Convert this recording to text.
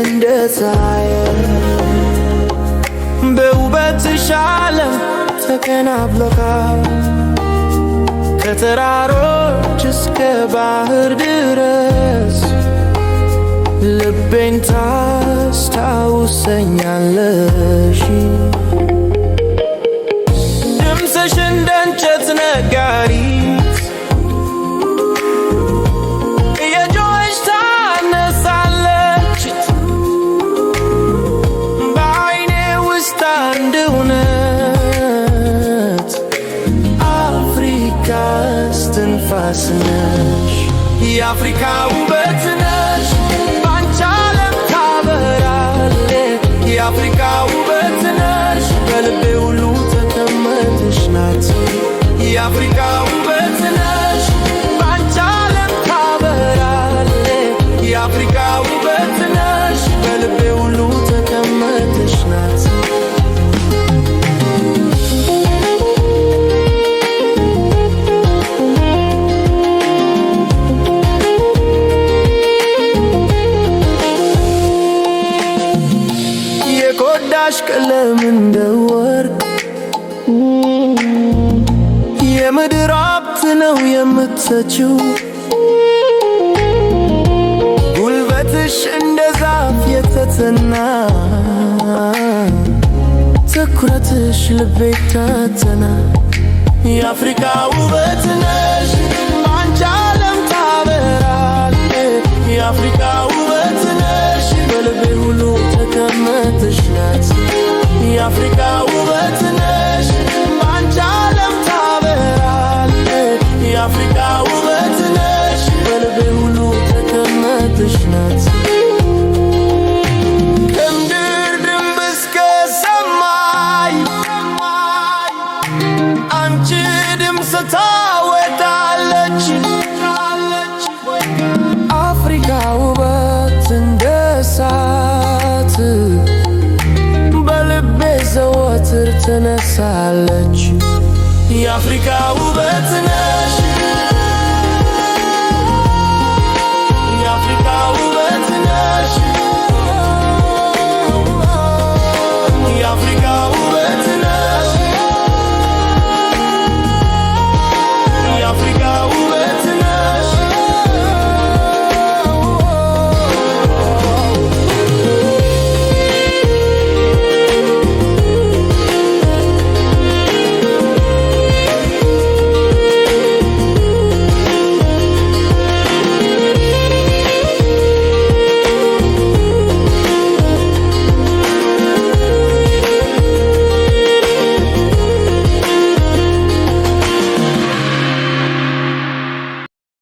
እንደ ሳየ በውበትሽ ዓለም ተከናብሎካል ከተራሮች እስከ ባህር ድረስ ልቤን ታስታውሰኛለሽ። ድምፅሽ እንደ እንጨት ነጋሪ fascinaș I Africa ubețnaș Panciale cavărale I Africa ubețnaș Pe lupeul luță tămătășnați I Africa ubețnaș ቆዳሽ ቀለም እንደ ወርቅ የምድር ሀብት ነው የምትሰጪው ጉልበትሽ እንደ ዛፍ የተተና ትኩረትሽ ልቤ ተተና የአፍሪካ ውበት ነሽ ባንቺ ዓለም ታበራል የአፍሪካ ናት። ከምድር ድምፅ እስከ ሰማይ አንቺ ድምፅ ታወጣለች። አፍሪካ ውበት እንደ እሳት በልቤ ዘወትር ትነሳለች። የአፍሪካ ውበት